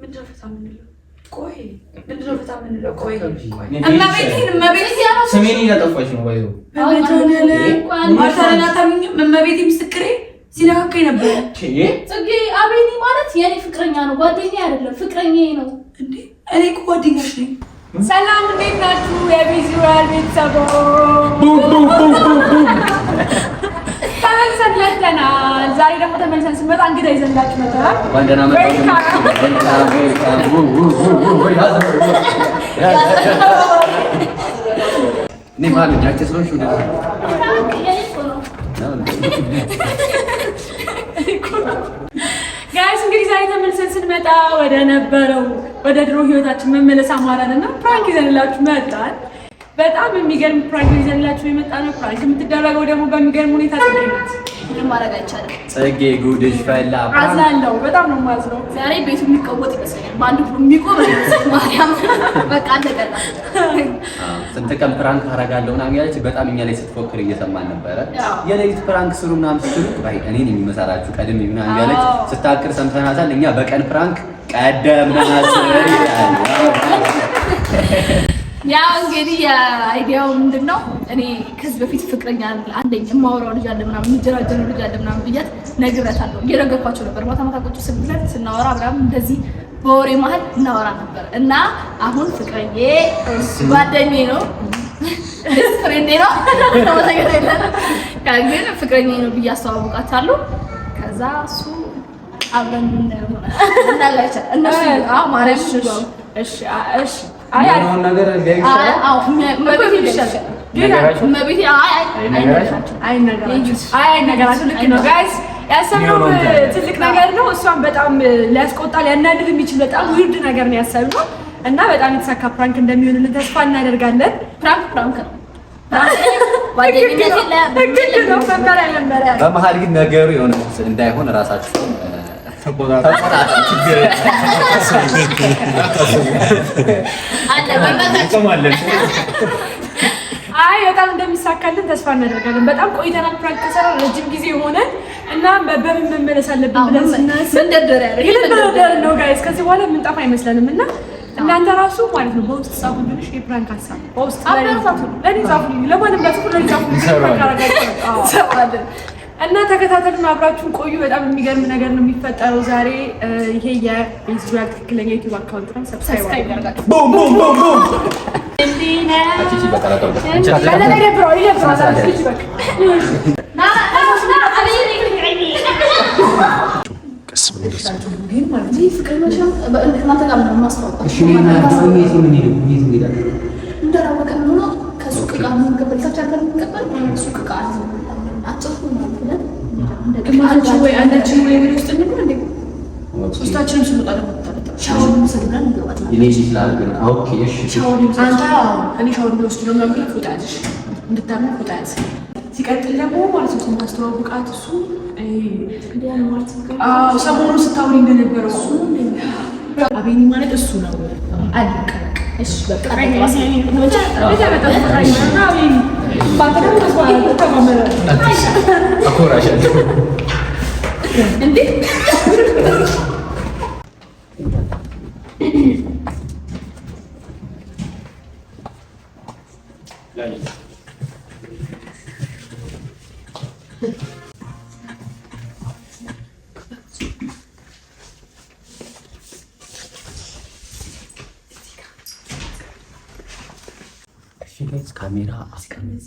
ምንድን እመቤቴ ምስክሬ ሲነካከኝ ነበረ። ፅጌ አቤኔ ማለት የኔ ፍቅረኛ ነው፣ ጓደኛ አይደለም፣ ፍቅረኛ ነው። እኔ ጓደኛሽ ነኝ። ሰላም እንዴት ናችሁ? የቢዚዋል ቤተሰቦ ተመልሰን መጥተናል። ዛሬ ደግሞ ተመልሰን ስንመጣ እንግዳ ይዘንላችሁ መጥተናል። ጋይስ እንግዲህ ዛሬ ተመልሰን ስንመጣ ወደ ነበረው ወደ ድሮ ህይወታችን መመለስ አማራንና ፕራንክ ይዘንላችሁ መጣል በጣም የሚገርም ፕራንክ ይዘንላችሁ የመጣ ነው። ፕራንክ የምትደረገው ደግሞ በሚገርም ሁኔታ ተገኝት ምንም ማድረግ አይቻልም። ጽጌ ጉድሽ ፈላ። አዝናለሁ፣ በጣም ነው የማዝነው። ዛሬ ቤቱ የሚቀወጥ ይመስለኛል። በአንድ የሚቆም ማርያም በቃ አለቀላ። ስንት ቀን ፕራንክ አረጋለሁ ምናምን ያለች በጣም እኛ ላይ ስትፎክር እየሰማን ነበረ። የሌሊት ፕራንክ ስሩ ምናምን ስትሉ እኔን የሚመሳላችሁ ቀድም ምናምን ያለች ስታክር ሰምተናታል። እኛ በቀን ፕራንክ ቀደምናት። ያው እንግዲህ አይዲያው ምንድን ነው? እኔ ከዚህ በፊት ፍቅረኛ አለኝ የማወራው ልጅ አለ ምናምን የሚጀራጀነው ልጅ አለ ምናምን ብያት ነግሬያታለሁ። እየረገኳቸው ነበር። ማታ ማታ ቁጭ ስብለት ስናወራ ምናምን እንደዚህ በወሬ መሀል እናወራ ነበር እና አሁን ፍቅረዬ ጓደኛዬ ነው ፍሬንዴ ነው ግን ፍቅረኛዬ ነው ብዬ አስተዋውቃታለሁ። ከዛ እሱ አብረን እናላቸው እነሱ ማረ እሺ ያሰብነው ትልቅ ነገር ነው። እሷን በጣም ሊያስቆጣ ሊያናድድ የሚችል በጣም ውርድ ነገር ነው ያሰብነው እና በጣም የተሳካ ፕራንክ እንደሚሆንልን ተስፋ እናደርጋለን። ፕራንክ ፕራንክ ነው። በመሀል ግን ነገሩ የሆነ እንዳይሆን እራሳችሁ አይ በጣም እንደሚሳካልን ተስፋ እናደርጋለን። በጣም ቆይተናል ፕራንክ ከሰራ ረጅም ጊዜ ሆነን እና በምን መመለስ አለብን ብለን ስናስብ ነው ጋይስ ከዚህ በኋላ ምንጣፍ አይመስለንም እና እናንተ ራሱ ማለት ነው በውስጥ ጻፉ ልንሽ የፕራንክ ሀሳብ በውስጥ ለማንም ፕራንክ እና ተከታተሉን፣ አብራችሁን ቆዩ። በጣም የሚገርም ነገር ነው የሚፈጠረው ዛሬ። ይሄ የኢዝራኤል ትክክለኛ ዩቲዩብ አካውንት ነው። ሰብስክራይብ ግማሾች ወይ ሲቀጥል ደግሞ ማለት ነው ስናስተዋውቃት እሱ ሰሞኑን ስታውሪ እንደነበረው አቤኒ ማለት እሱ ነው አለቀ። እንዴ ካሜራ አስቀምጥ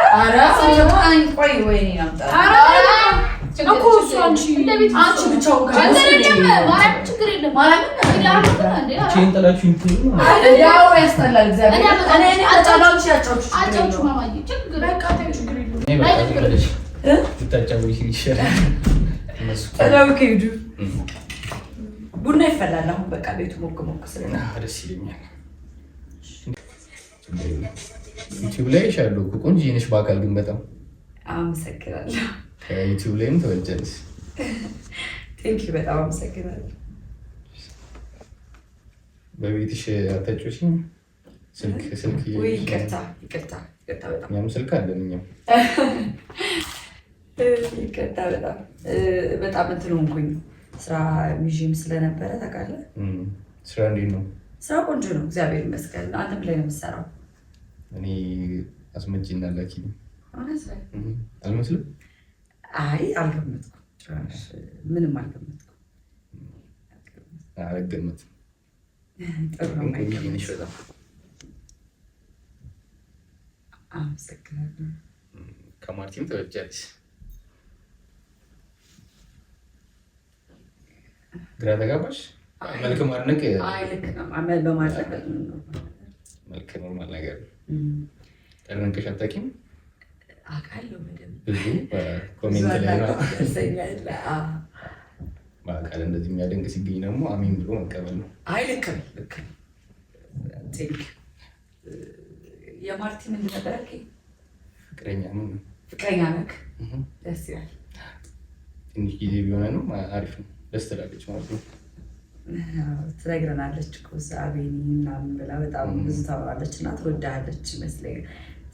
ቡና ይፈላል። አሁን በቃ ቤቱ ሞቅ ሞቅ ስለሆነ ደስ ይለኛል። ዩቲዩብ ላይ ይሻለሁ። ቆንጆ ነሽ በአካል ግን በጣም አመሰግናለሁ። ከዩቲዩብ ላይም ተወጀንስ ቴንክ ዩ በጣም አመሰግናለሁ። በቤትሽ አታጭሽም? ስልክ ስልክ ይቅርታ ይቅርታ ይቅርታ በጣም እኛም ስልክ አለን። እኛም ይቅርታ በጣም በጣም እንትን ሆንኩኝ ስራ ሚዥም ስለነበረ ታውቃለህ። ስራ እንዴት ነው? ስራ ቆንጆ ነው፣ እግዚአብሔር ይመስገን። አንተም ላይ ነው የምትሰራው እኔ አስመጪና ላኪ አልመስልም? አይ አልገመትኩም፣ ምንም አልገመትኩም። አልገመትም። ጥሩ ነው። አመሰግናለሁ። ከማርቲም ተወጃለሽ። ግራ ተጋባሽ። መልክ ማድነቅ በማድረግ መልክ ኖርማል ነገር ነው። ተረንቀሽ አታውቂም? አውቃለሁ በደምብ ብዙ ኮሜንት ላይ በአካል እንደዚህ የሚያደንቅ ሲገኝ ደግሞ አሚን ብሎ መቀበል ነው። አይ ልክ ነው ልክ ነው። የማርቲን እንድነበረ ፍቅረኛ ነው። ፍቅረኛ ነክ ደስ ይላል። ትንሽ ጊዜ ቢሆነ ነው አሪፍ ነው። ደስ ትላለች ማለት ነው። ትነግረናለች እኮ አቤኒ ምናምን ብላ በጣም ብዙ ታወራለች እና ትወዳለች ይመስለኛል።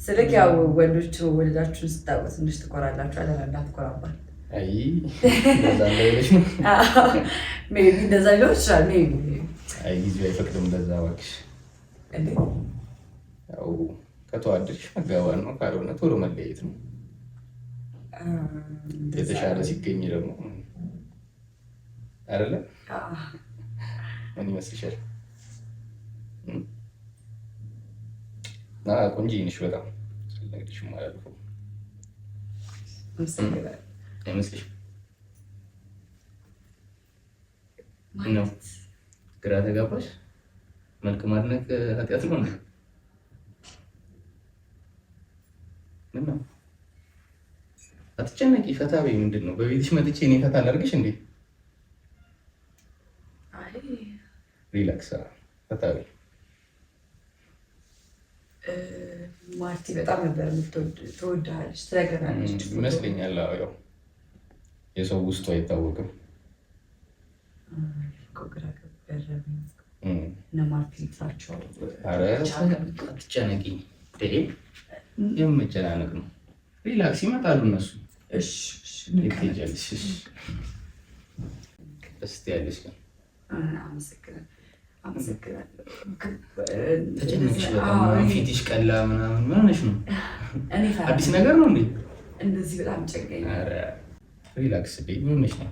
ስልክ ያው ወንዶች ወደዳችሁን ስታውቁ ትንሽ ትኮራላችሁ። አለረዳ ትኮራባል እንደዛ ሊሆን ይችላል። ጊዜው አይፈቅድም። እንደዛ እባክሽ ያው ከተዋደድሽ መጋባት ነው፣ ካልሆነ ቶሎ መለየት ነው። የተሻለ ሲገኝ ደግሞ አይደለም ምን ይመስልሻል? ቆንጆ ነሽ በጣም አልነግርሽም። አላለፈው አይመስልሽም? ነው ግራ ተጋባሽ። መልክ ማድነቅ ኃጢአት ነው። ምነው አትጨነቂ፣ ፈታ በይ። ምንድን ነው በቤትሽ መጥቼ እኔ ፈታ ላድርግሽ እንዴ? ሪላክስ ፈታዊ ማርቲ በጣም ነበር ትወዳለች፣ ትነግረናለች ይመስለኛል። ያው የሰው ውስጡ አይታወቅም። እነ ማርቲ ነው። ሪላክስ ይመጣሉ እነሱ። ስ ያለች ግን አመሰግናለሁ አመሰግናለሁ። ተጨነቅሽ ፊትሽ ቀላ ምናምን ምን ሆነሽ ነው? አዲስ ነገር ነው እንዴ? እንደዚህ በጣም ጨቀኝ። ሪላክስ ቤ ምን ሆነሽ ነው?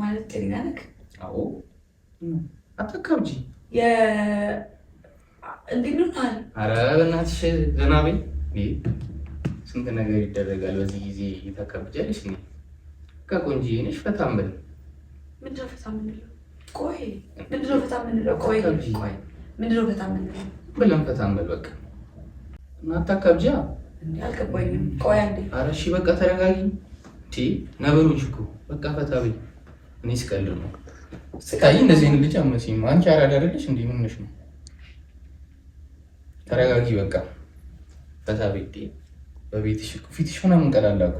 ማለት ጤና ነህ? አዎ። አታካብጂ። እንዴት ነው? ኧረ በእናትሽ ደህና በይ። ስንት ነገር ይደረጋል በዚህ ጊዜ ታካብጃለሽ? ከቆንጅዬ ነሽ ፈታ ብል ምንድነው ነው ፈታ የምንለው? ቆይ ምንድነው ነው ፈታ የምንለው? ቆይ ቆይ ምንድን ነው ፈታ የምንለው? ብለን ፈታ ብል በቃ እናታካብጃ አልገባኝም። ቆይ አንዴ። ኧረ እሺ በቃ ተረጋጊ። ቲ ነገሮች እኮ በቃ ፈታ ብል እኔ ስቀልድ ነው። ስቃይ እንደዚህ ልጅ አመሲም አንቺ አራዳ አይደለሽ እንዴ? ነሽ ነው? ተረጋጊ በቃ ፈታ ቤት በቤትሽ ፊትሽ ሆና ምንቀላላኩ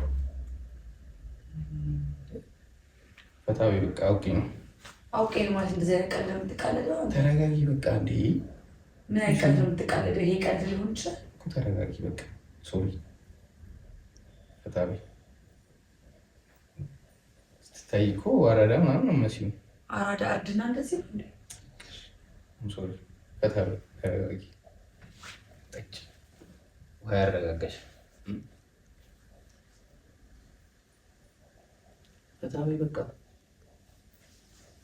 ፈታ በቃ። አውቄ ነው አውቄ ነው ማለት እንደዚህ አይነት ቀልድ ነው ተረጋጊ በቃ። እንዴ ምን አይነት ቀልድ ነው የምትቃለደው? ይሄ ቀልድ ሊሆን ይችላል። ተረጋጊ በቃ። ሶሪ ፈታ በይ። ስትታይ እኮ አራዳ ምናምን ነው አራዳ አድና እንደዚህ ሶሪ ፈታ ተረጋጊ ጠጭ ውሃ ያረጋጋሽ ፈታ በቃ።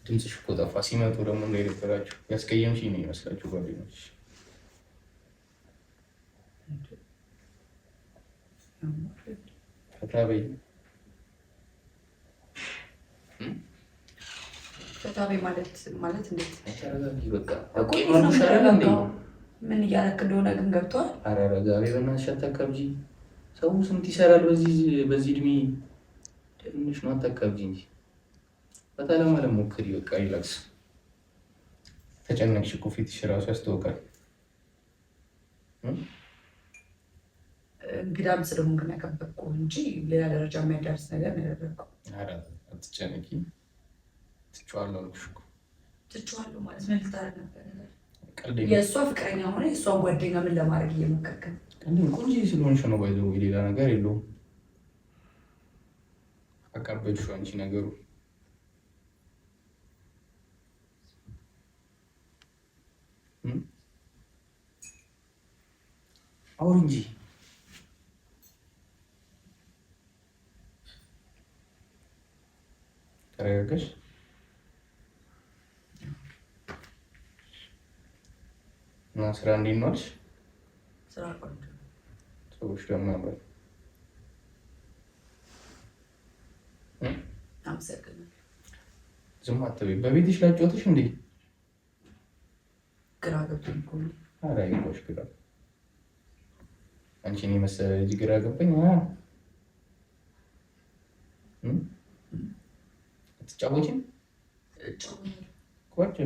ድምፅሽ እኮ ጠፋ። ሲመጡ ደግሞ እንዳይደበራችሁ ያስቀየምሽኝ ነው ይመስላችሁ ጓደኞች። ፈታ በይ ምን እያደረክ እንደሆነ ግን ገብቷል። ኧረ ረጋ በእናትሽ አታካብጂ። ሰው ስንት ይሰራል በዚህ በዚህ እድሜ ትንሽ ነው። አታካብጂ እንጂ በተለመደ ለማለት ሞክሪ። በቃ ተጨነቅሽ እኮ ፊትሽ እራሱ ያስታውቃል። እንግዳም ስለሆንክ ነው እንጂ ሌላ ደረጃ የሚያዳርስ ነገር አትጨነቂ፣ አልኩሽ እኮ። ማለት ምን ነበር? የእሷ ፍቅረኛ ሆነ የእሷን ጓደኛ ምን ለማድረግ እየሞከርክ ነው? ቆንጆ ስለሆንሽ ነው። ባይዘ ሌላ ነገር የለውም። አንቺ ነገሩ አሁን እንጂ ተረጋጋሽ። እና ስራ እንዴት ነው አልሽ? ስራ ቆንጆ። ሰዎች ደግሞ ያምራል። አመሰግናለሁ። ዝም አትበይ። በቤትሽ ላጫወትሽ እንዴ? ግራ ገብቶኝ እኮ ነው። ኧረ አይዞሽ ግራ አንቺን የመሰለ ልጅ ግራ ገባኝ። አትጫወችም ቋጮች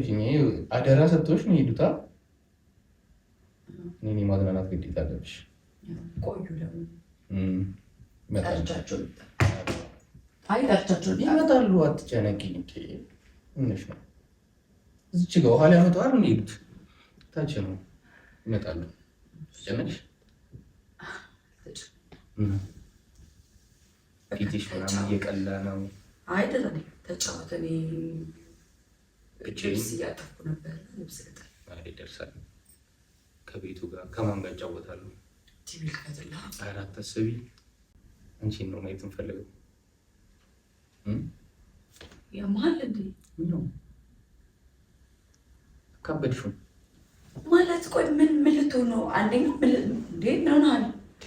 አደራ ሰጥቶሽ ነው የሄዱታ። እኔ ማዝናናት ግዴታ አለብሽ። ይመጣሉ፣ አትጨነቂ። ምንሽ ነው? እዚች ጋ ውሃ ላይ ያመጣዋል። ሄዱት ታች ነው፣ ይመጣሉ። አትጨነቅሽ ፊትሽ ምናምን እየቀላ ነው። አይ ተጫወተ። እኔ ልብስ እያጠፍኩ ነበር። ልብስ ልጠል ይደርሳል። ከቤቱ ጋር ከማን ጋር ይጫወታሉ? ቲቪ አራት አስቢ። አንቺን ነው ማየት እንፈልገው ያመሀል እንዴ ማለት ቆይ ምን ምን ነው? አንደኛ ምን እንዴ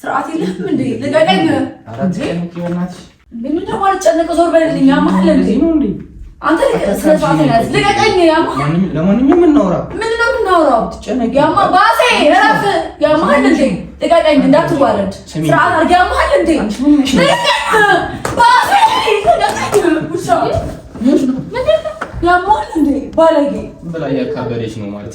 ስርዓት የለህም እንዴ? ልቀቀኝ። ምን ደግሞ አልጨነቅ፣ ዞር በልልኝ። ያማል እንዴ? አንተ ስነ ልቀቀኝ። ያማል። ለማንኛውም እናውራ። ምን ነው የምናውራው? ያማ ባሴ እረፍ። ያማል እንዴ? ልቀቀኝ። እንዳትዋረድ ስርዓት አድርግ። ያማል እንዴ? ባሴ ያማል ባለጌ ብላ እያካበደች ነው ማለት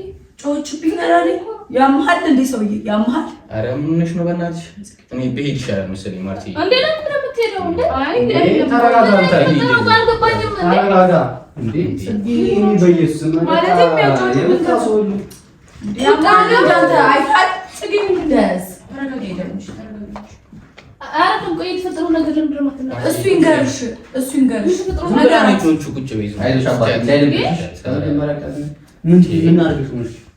ጮኸችብኝ አላለ እኮ ያመሀል እንዴ ሰውዬ ያመሀል። ኧረ ምንሽ ነው በእናትሽ፣ እኔ ብሄድ ይሻላል መሰለኝ። ማርቲ እንዴ ነው የምትሄደው? እንዴ አይ ተረጋጋ፣ ተረጋጋ። እንዴ በኢየሱስ ማለት እሱ ይንገርሽ፣ እሱ ይንገርሽ። ቁጭ በይ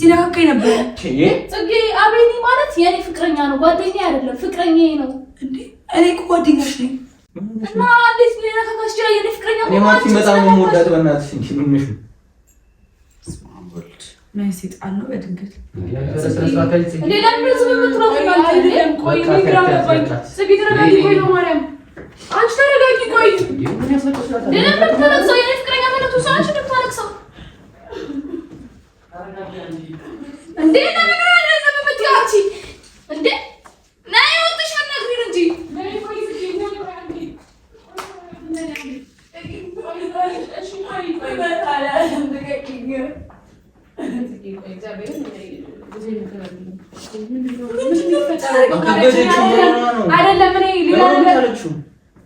ሲነካካ ነበር። ፅጌ አቤኔ ማለት የኔ ፍቅረኛ ነው፣ ጓደኛ አይደለም፣ ፍቅረኛ ነው። እኔ እኮ ጓደኛሽ ነኝ። እና እንዴት ሊነካካሽ ቻለ? የኔ ፍቅረኛ ነው። ማርቲን በጣም የምወዳት በእናትሽ እንጂ ምንሽ ነው። ሌላ ምንም ዝም ቆይ ቆይ ነው ማርያም፣ አንቺ ተረጋጊ። ቆይ ሌላ ምንም የኔ ፍቅረኛ አንቺ እንዴ ለምን ዘመመቻቺ እንዴ ናይ ወጥሽ አናግሪን እንጂ አይደለም እኔ ሌላ ነገር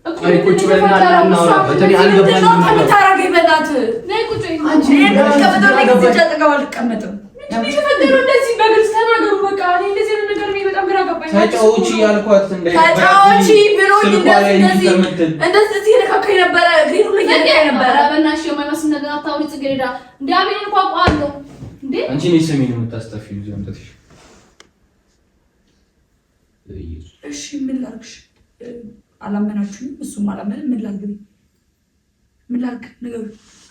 እኮ ቁጭ በልና እናውራ። በተለይ አልገባኝም ተጫዎች ያልኳት ተጫዎች ብሎኝ እንደዚህ ነካካኝ ነበረ። በእናትሽ የማይመስል ነገር አታውሪ። ጽጌረዳ እንደ አቤል ቋቋ አለው እንዴ አንቺ ነሽ ሰሜን የምታስተፊው ዘምተሽ እሺ ምን ላድርግሽ? አላመናችሁም፣ እሱም አላመንም። ምን ላድርግ? ምን ላድርግ? ንገሩ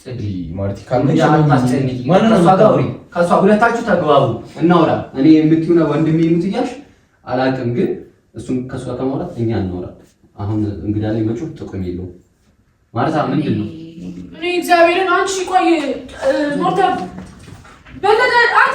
ጽጌ ማለት ከእሷ ሁለታችሁ ተግባቡ፣ እናውራ። እኔ የምትሆነ ወንድሜ የምት እያልሽ አላውቅም፣ ግን እሱም ከእሷ ከማውራት እኛ እናውራል። አሁን እንግዳ ላይ መጮህ ጥቅም የለውም ማለት ምንድን ነው? እኔ እግዚአብሔርን አንቺ ቆይ ሞተ በለጠ አንተ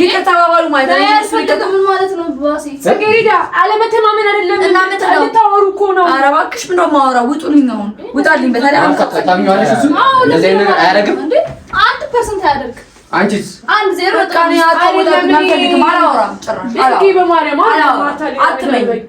ይቅር ተባባሉ ማለት ነው። ምን ማለት ነው? አለመተማመን አይደለም እና ልታወሩ እኮ ነው። ኧረ እባክሽ ምነው የማወራው? ውጡልኝ፣ አሁን ውጣልኝ። በተለይ አንድ ፐርሰንት አያደርግም። አንቺስ አንድ ዜሮ በማርያም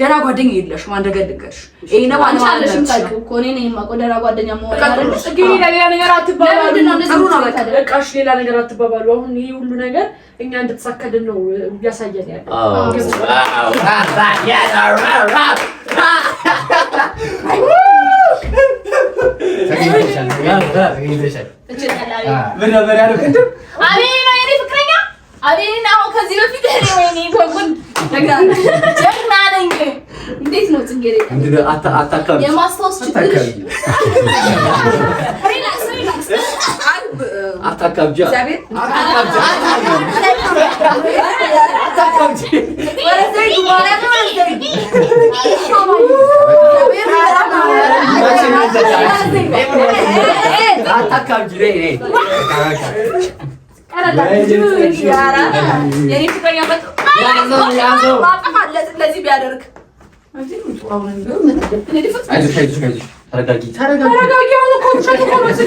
ደህና ጓደኛ የለሽም። አንድ ገድገሽ ይሄ ነው አንቺ አለሽም እኮ እኔ ነኝ ጓደኛ ሌላ ነገር አትባባሉ። ነው ሌላ ነገር አትባባሉ። አሁን ይሄ ሁሉ ነገር እኛ እንድትሳከልን ነው እያሳየን ያለው። አቤል ነው የኔ ፍቅረኛ። አቤልን አሁን ከዚህ በፊት ወይኔ ጀግናነኝ እንዴት ነው ጽጌሬ? እንግዲህ አታ አታካም የማስታወስ ችግር አታካብጃ አታካብጂ እንደዚህ ቢያደርግ ተረጋጊ ተረጋጊ። አሁን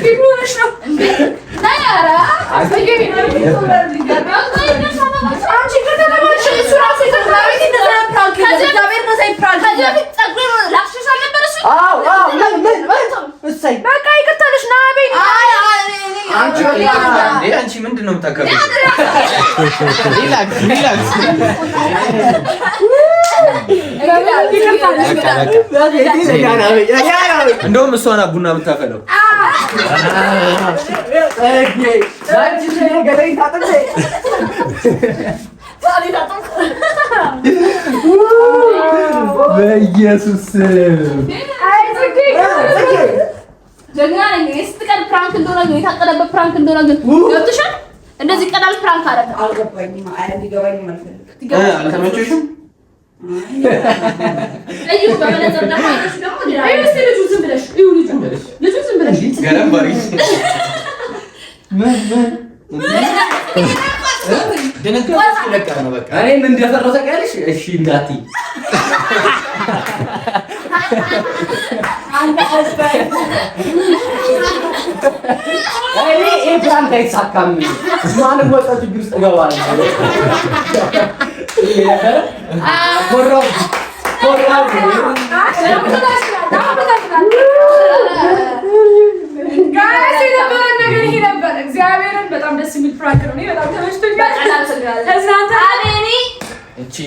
አንቺ ምንድን ነው የምታከብሪው? እንደውም እሷ ናት ቡና የምታፈለው። በኢየሱስ ጀግና ነኝ። ስትቀል ፕራንክ እንደሆነ ግን የታቀደበት ፕራንክ እንደሆነ ግን ገብቶሻል። እንደዚህ ቀላል ፕራንክ አደረገ። አልገባኝም። አይ እንዲገባኝም አልፈልግም። እኔም እንደፈራሁ ታውቂያለሽ። እሺ እንዳትዪ እኔ ይሄ ፕራንክ አይሳካም። ማንም ወጣ ችግር ውስጥ እገባለሁ።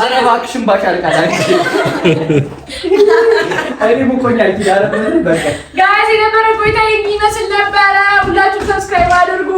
ኧረ እባክሽን ባሻል የነበረ ቆይታ የሚመስል ነበረ። ሁላችሁም ሰብስክራይብ አድርጉ።